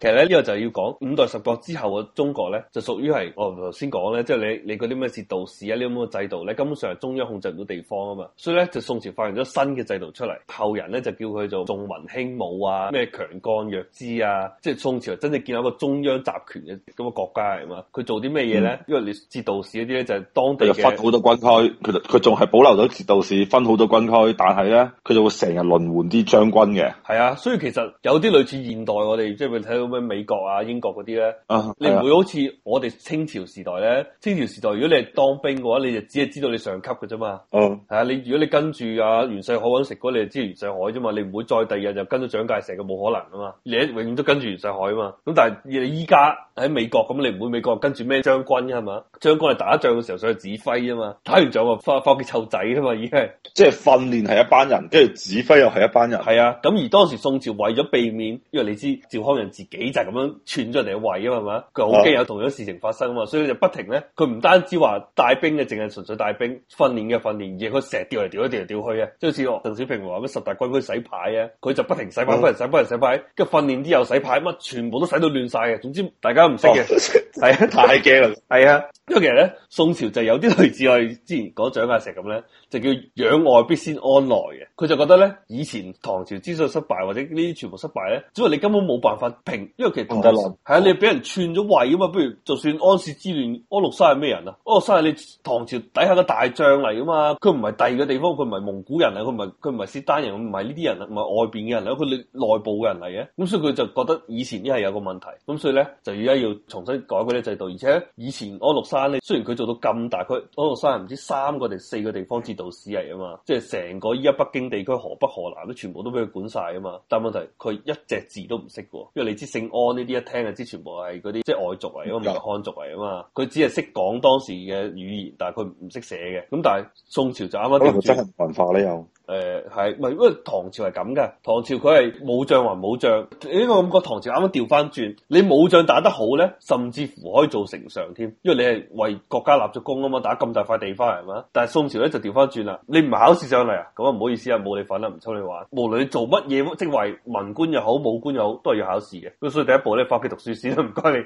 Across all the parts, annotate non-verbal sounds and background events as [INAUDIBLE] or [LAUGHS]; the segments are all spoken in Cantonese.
其實咧呢、個就要講五代十國之後嘅中國咧，就屬於係我頭先講咧，即係你你嗰啲咩節度使啊呢咁嘅制度咧，根本上係中央控制唔到地方啊嘛。所以咧就宋朝發明咗新嘅制度出嚟，後人咧就叫佢做重文輕武啊，咩強幹弱枝啊，即係宋朝真正建立一個中央集權嘅咁嘅國家嚟嘛。佢做啲咩嘢咧？因為你節度使嗰啲咧就係當地又分好多軍區，其實佢仲係保留咗節度使，分好多軍區，但係咧佢就會成日輪換啲將軍嘅。係啊，所以其實有啲類似現代我哋即係會睇到。咁樣美國啊、英國嗰啲咧，你唔會好似我哋清朝時代咧。清朝時代如果你係當兵嘅話，你就只係知道你上級嘅啫嘛。係、uh. 啊，你如果你跟住阿、啊、袁世凱搵食嗰，你就知袁世凱啫嘛。你唔會再第二日就跟咗蔣介石嘅，冇可能啊嘛。你永遠都跟住袁世凱啊嘛。咁但係你依家喺美國，咁你唔會美國跟住咩將軍係、啊、嘛？將軍係打仗嘅時候上去指揮啫嘛。打完仗啊，返返屋企湊仔啊嘛。已經即係訓練係一班人，跟住指揮又係一班人。係啊、嗯，咁而當時宋朝為咗避免，因為你知趙匡胤自己。幾集咁樣串咗人哋個位啊嘛，佢好驚有同樣事情發生啊嘛，oh. 所以就不停咧。佢唔單止話帶兵嘅，淨係純粹帶兵訓練嘅訓練嘢，佢成日調嚟調去，調嚟調去啊。即好似我鄧小平話咩十大軍區洗牌啊，佢就不停洗牌，不停洗牌，不停洗牌，跟住訓練啲又洗牌，乜全部都洗到亂晒嘅。總之大家唔識嘅，係啊太驚啦，係啊。因為其實咧，宋朝就有啲類似我哋之前講蔣介石咁咧，就叫攘外必先安內嘅。佢就覺得咧，以前唐朝之所以失敗或者呢啲全部失敗咧，只係你根本冇辦法平。因為其實係、哦、啊，你俾人串咗位啊嘛，不如就算安史之亂，安禄山係咩人啊？安禄山係你唐朝底下嘅大將嚟啊嘛，佢唔係第二個地方，佢唔係蒙古人嚟，啊，佢唔係佢唔係斯丹人，佢唔係呢啲人啊，唔係外邊嘅人嚟，啊，佢你內部嘅人嚟嘅，啊，咁所以佢就覺得以前啲係有個問題，咁所以咧就而家要重新改嗰啲制度，而且以前安禄山咧，雖然佢做到咁大，佢安禄山係唔知三個定四個地方節度使嚟啊嘛，即係成個依家北京地區、河北、河南都全部都俾佢管晒啊嘛，但係問題佢一隻字都唔識嘅，因為你知。靖安呢啲一聽啊，就知全部係嗰啲即係外族嚟，因為唔係漢族嚟啊嘛，佢、嗯、只係識講當時嘅語言，但係佢唔識寫嘅。咁但係宋朝就啱啱跌住。真係冇文化咧又。誒係，唔、呃、因為唐朝係咁嘅，唐朝佢係武將還武將，呢、這個感覺唐朝啱啱調翻轉，你武將打得好咧，甚至乎可以做丞相添，因為你係為國家立咗功啊嘛，打咁大塊地方係嘛。但係宋朝咧就調翻轉啦，你唔考試上嚟啊，咁啊唔好意思啊，冇你份啦，唔抽你玩。無論你做乜嘢，即係為文官又好，武官又好，都係要考試嘅。咁所以第一步咧，翻屋企讀書先啦，唔該你。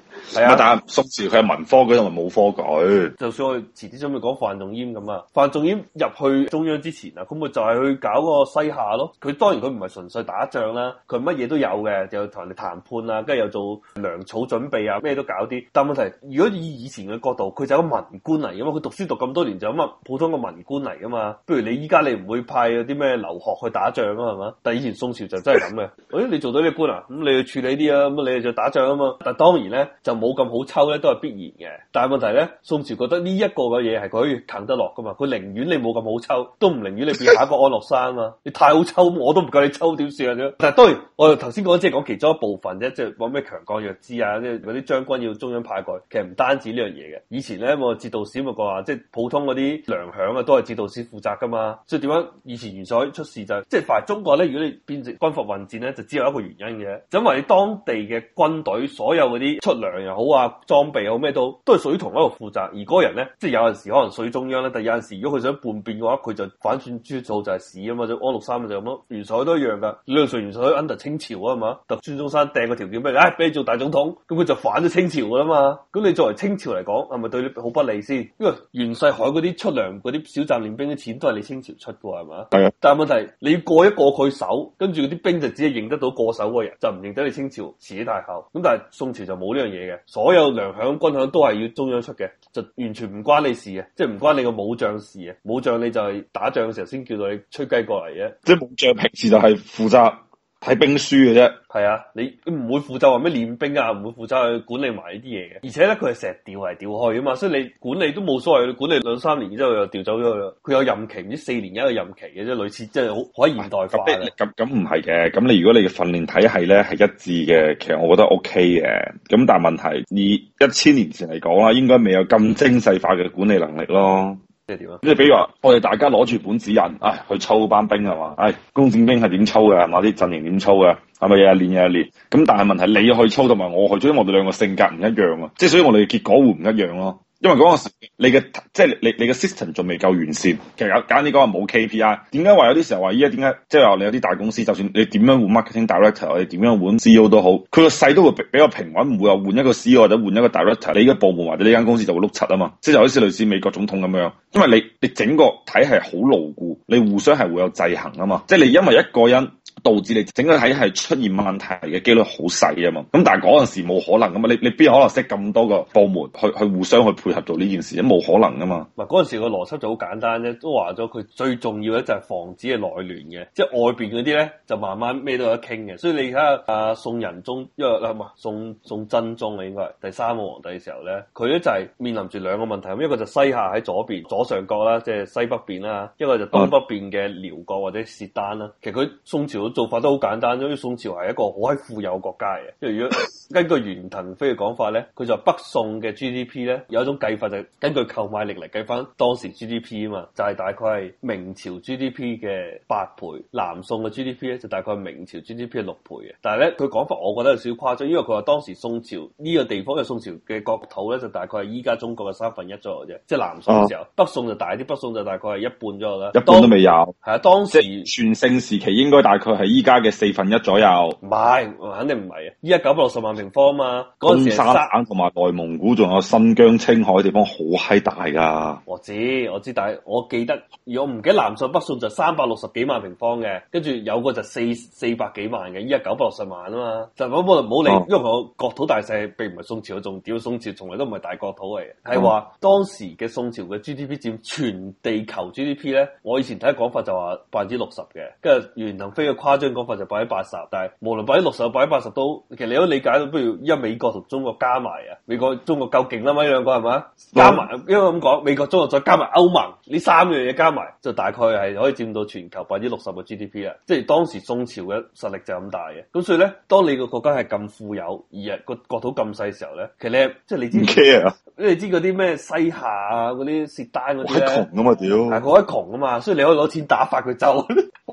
[LAUGHS] 係啊，但宋朝佢係文科舉，同埋冇科舉。就算我遲啲準備講范仲淹咁啊，范仲淹入去中央之前啊，咁咪就係去搞個西夏咯。佢當然佢唔係純粹打仗啦，佢乜嘢都有嘅，就同人哋談判啊，跟住又做糧草準備啊，咩都搞啲。但問題如果以以前嘅角度，佢就係個文官嚟噶嘛，佢讀書讀咁多年就咁啊普通個文官嚟噶嘛。不如你依家你唔會派嗰啲咩留學去打仗啊係嘛？但以前宋朝就真係咁嘅。誒、 [LAUGHS] 哎，你做到咩官啊？咁你去處理啲啊？咁你又就打仗啊嘛？但當然咧就。冇咁好抽咧，都係必然嘅。但係問題咧，宋朝覺得呢一個嘅嘢係佢啃得落噶嘛？佢寧願你冇咁好抽，都唔寧願你變下一個安祿山啊！你太好抽，我都唔夠你抽點算啊！但係當然，我頭先講即係講其中一部分啫，即係講咩強幹弱枝啊，即係嗰啲將軍要中央派過去。其實唔單止呢樣嘢嘅，以前咧我節度使咪講話，即係普通嗰啲糧餉啊，都係節度使負責噶嘛。所以點解以前元帥出事就是、即係凡係中國咧，如果你變成軍閥混戰咧，就只有一個原因嘅，就因為當地嘅軍隊所有嗰啲出糧。好啊，裝備好咩都都係水同一個負責，而嗰個人咧，即係有陣時可能水中央咧，但係有陣時如果佢想叛變嘅話，佢就反轉豬肚就係屎啊嘛，就安祿山就咁咯。袁世凱都一樣噶，你又從袁世凱 under 清朝啊嘛，特孫中山掟個條件俾你，哎俾你做大總統，咁佢就反咗清朝噶啦嘛。咁你作為清朝嚟講，係咪對你好不利先？因為袁世凱嗰啲出糧嗰啲小站練兵啲錢都係你清朝出嘅，係嘛？係啊。但係問題，你過一過佢手，跟住嗰啲兵就只係認得到過手嗰人，就唔認得你清朝。慈禧太后咁，但係宋朝就冇呢樣嘢嘅。所有糧餉軍餉都係要中央出嘅，就完全唔關你的事嘅，即係唔關你個武將事嘅，武將你就係打仗嘅時候先叫到你吹雞過嚟嘅，即武將平時就係負責睇兵書嘅啫，係啊，你唔會負責話咩練兵啊，唔會負責去管理埋呢啲嘢嘅。而且咧，佢係成日調嚟調去啊嘛，所以你管理都冇所謂。管理兩三年之後又調走咗，佢有任期，呢四年一個任期嘅啫，類似即係好可以現代化。咁咁唔係嘅，咁你如果你嘅訓練體系咧係一致嘅，其實我覺得 OK 嘅。咁但係問題，以一千年前嚟講啦，應該未有咁精細化嘅管理能力咯。即係點啊？即係比如話，我哋大家攞住本指引，哎，去操班兵係嘛？哎，弓箭兵係點操嘅？係嘛啲陣營點操嘅？係咪日日練日日練？咁但係問題，你去操同埋我去，因為我哋兩個性格唔一樣啊，即係所以我哋嘅結果會唔一樣咯。因為嗰個時，你嘅即係你你嘅 system 仲未夠完善，其實有簡單講係冇 KPI。點解話有啲時候話依家點解？即係話你有啲大公司，就算你點樣換 marketing director，你點樣換 CEO 都好，佢個勢都會比比較平穩，唔會話換一個 CEO 或者換一個 director，你依個部門或者呢間公司就會碌柒啊嘛。即係就好似類似美國總統咁樣，因為你你整個體系好牢固，你互相係會有制衡啊嘛。即係你因為一個人。導致你整個體系出現問題嘅機率好細啊嘛，咁但係嗰陣時冇可能噶嘛，你你邊可能識咁多個部門去去互相去配合做呢件事咧，冇可能噶嘛。唔係嗰陣時個邏輯就好簡單啫，都話咗佢最重要咧就係防止嘅內亂嘅，即係外邊嗰啲咧就慢慢咩都有得傾嘅。所以你睇下阿宋仁宗，因為啦、啊、宋宋真宗啊，應該係第三個皇帝嘅時候咧，佢咧就係面臨住兩個問題，一個就西夏喺左邊左上角啦，即係西北邊啦，一個就東北邊嘅遼國或者契丹啦。其實佢宋朝。做法都好簡單。因為宋朝係一個好閪富有嘅國家嘅，即係如果根據袁騰飛嘅講法咧，佢就北宋嘅 G D P 咧有一種計法，就係根據購買力嚟計返當時 G D P 啊嘛，就係、是、大概係明朝 G D P 嘅八倍，南宋嘅 G D P 咧就大概係明朝 G D P 嘅六倍嘅。但係咧，佢講法我覺得有少少誇張，因為佢話當時宋朝呢、這個地方嘅、這個、宋朝嘅國土咧就大概係依家中國嘅三分一左右啫，即係南宋嘅時候，啊、北宋就大啲，北宋就大概係一半左右啦，一半都未有係啊。當時全盛時期應該大概。佢係依家嘅四分一左右，唔係，肯定唔係啊！依家九百六十萬平方啊嘛，嗰陣時，三省同埋內蒙古仲有新疆、青海地方好閪大噶、啊。我知，我知，但係我記得，如果唔記得南宋北宋就三百六十幾萬平方嘅，跟住有個就四四百幾萬嘅，依家九百六十萬啊嘛，就咁我就冇理，因為我國土大細並唔係宋朝嘅重點，宋朝從來都唔係大國土嚟，嘅。係話、嗯、當時嘅宋朝嘅 GDP 佔全地球 GDP 咧，我以前睇嘅講法就話百分之六十嘅，跟住袁騰飛誇張講法就百分之八十，但係無論百分之六十、百分之八十都，其實你可以理解到，不如依家美國同中國加埋啊！美國、中國夠勁啦嘛，呢兩個係嘛？加埋，因為咁講，美國、中國再加埋歐盟呢三樣嘢加埋，就大概係可以佔到全球百分之六十嘅 GDP 啊！即係當時宋朝嘅實力就咁大嘅。咁所以咧，當你個國家係咁富有，而日個國土咁細嘅時候咧，其實你即係你知，啊？你知嗰啲咩西夏啊，嗰啲石丹嗰啲咧窮啊嘛，屌、啊！係佢一窮啊嘛，所以你可以攞錢打發佢走。 [LAUGHS]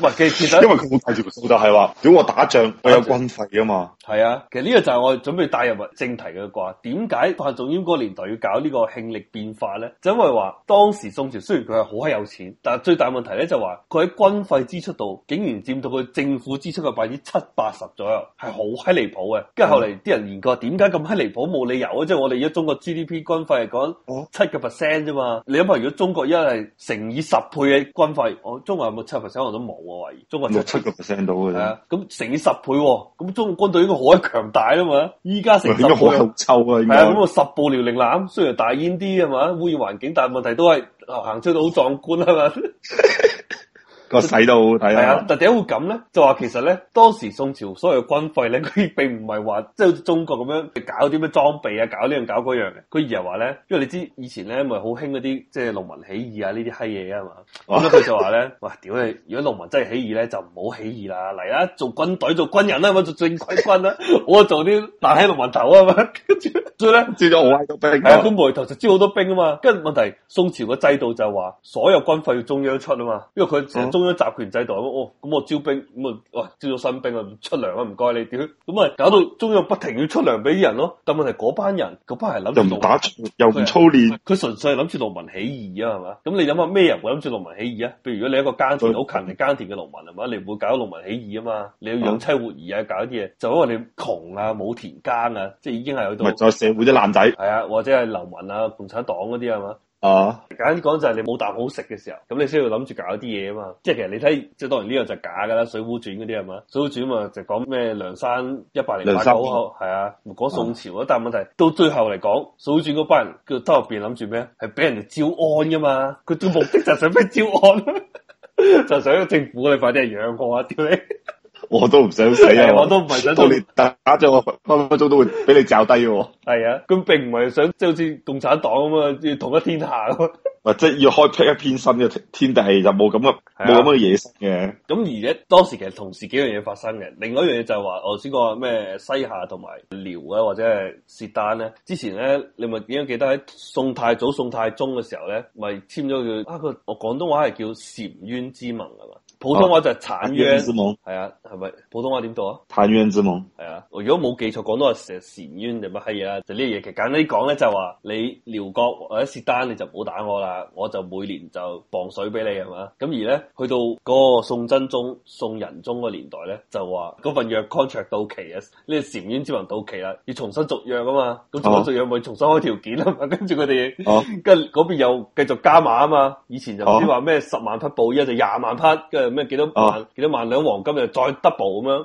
唔其實因為佢冇帶住數，就係話：如果我打仗，打仗我有軍費啊嘛。係啊，其實呢個就係我準備帶入埋正題嘅啩。點解話范仲淹嗰個年代要搞呢個慶曆變化咧？就因為話當時宋朝雖然佢係好閪有錢，但係最大問題咧就話佢喺軍費支出度，竟然佔到佢政府支出嘅百分之七八十左右，係好閪離譜嘅。跟住後嚟啲、嗯、人研究，點解咁閪離譜？冇理由啊！即係我哋而家中國 GDP 軍費係講，七個 percent 啫嘛。你諗下，如果中國而家係乘以十倍嘅軍費，我中國有冇七 percent？我都冇。我維中國就七個 percent 到嘅啫，咁乘以十倍、啊，咁中國軍隊應該好強大啦嘛。依家成十倍、啊，好臭啊！係啊，咁啊十部遼寧艦，雖然大煙啲吖嘛，污染環境，但問題都係行出到好壯觀係嘛.。 [LAUGHS] 個睇到睇啊，但點解會咁咧？就話其實咧，當時宋朝所謂軍費咧，佢並唔係話即係好似中國咁樣搞啲咩裝備啊，搞，搞，搞呢樣搞嗰樣嘅。佢而係話咧，因為你知以前咧咪好興嗰啲即係農民起義啊呢啲閪嘢啊嘛，咁咧佢就話咧， [LAUGHS] 哇屌你，如果農民真係起義咧，就唔好起義啦，嚟啦做軍隊做軍人啦、啊，咁做正規軍啦、啊，我做啲打喺農民頭啊嘛。跟住，咧 [LAUGHS] 呢，招咗我喺度兵、啊，但係官部頭就招好多兵啊嘛。跟住問題，宋朝嘅制度就係話，所有軍費要中央出啊嘛，因為佢中。 [LAUGHS] 集權制度，哦，咁我招兵，咁啊，招咗新兵啊，出糧啊，唔該你，點，咁啊，搞到中央不停要出糧俾啲人咯。但問題嗰班人，嗰班人諗住又唔打，又唔操練，佢純粹係諗住農民起義啊，係嘛？咁你諗下咩人會諗住農民起義啊？譬如如果你一個耕田好以勤力耕田嘅農民啊嘛，你唔會搞農民起義啊嘛？你要養妻活兒啊，搞啲嘢，就因為你窮啊，冇田耕啊，即係已經係去到，就係社會啲爛仔，係啊，或者係流民啊、共產黨嗰啲係嘛？啊，簡講就係你冇啖好食嘅時候，咁你先會諗住搞啲嘢啊嘛。即係其實你睇，即係當然呢個就假噶啦，《水滸傳》嗰啲係嘛，《水滸傳》啊就講咩梁山一百零八好係啊，講宋朝。但係問題、啊、到最後嚟講，《水滸傳》嗰班人叫兜入邊諗住咩咧？係俾人哋招安噶嘛？佢做目的就係想咩招安？ [LAUGHS] [LAUGHS] 就想政府你快啲嚟養我啊！屌你！我都唔想死啊！ [LAUGHS] [LAUGHS] 我都唔係想同你打仗，我分分鐘都會俾你罩低嘅。係啊，咁並唔係想即係、就是、好似共產黨咁啊，要統一天下咁。或者要開闢一片新嘅天地，就冇咁嘅冇咁嘅野心嘅。咁、啊、而且當時其實同時幾樣嘢發生嘅，另外一樣嘢就係話我先講咩西夏同埋遼啊，或者係契丹咧。之前咧，你咪點樣記得喺宋太祖、宋太宗嘅時候咧，咪簽咗叫啊佢我廣東話係叫澶淵之盟啊嘛。普通話就係澶淵，係啊，係咪、啊？普通話點讀啊？澶淵之盟係啊。如果冇記錯，廣東話成日「澶淵，係咪係啊？就呢啲嘢。其實簡單啲講咧就話、是、你遼國或者契丹，你就唔好打我啦，我就每年就磅水俾你係嘛。咁而咧去到個宋真宗、宋仁宗個年代咧，就話嗰份約 contract 到期啊，呢個澶淵之盟到期啦，要重新續約啊嘛。咁續約咪重新開條件啊嘛。跟住佢哋跟嗰邊又繼續加碼啊嘛。以前就唔知話咩十萬匹布，而家就廿萬匹。咩？幾多萬？幾多萬兩黃金又再 double 咁樣。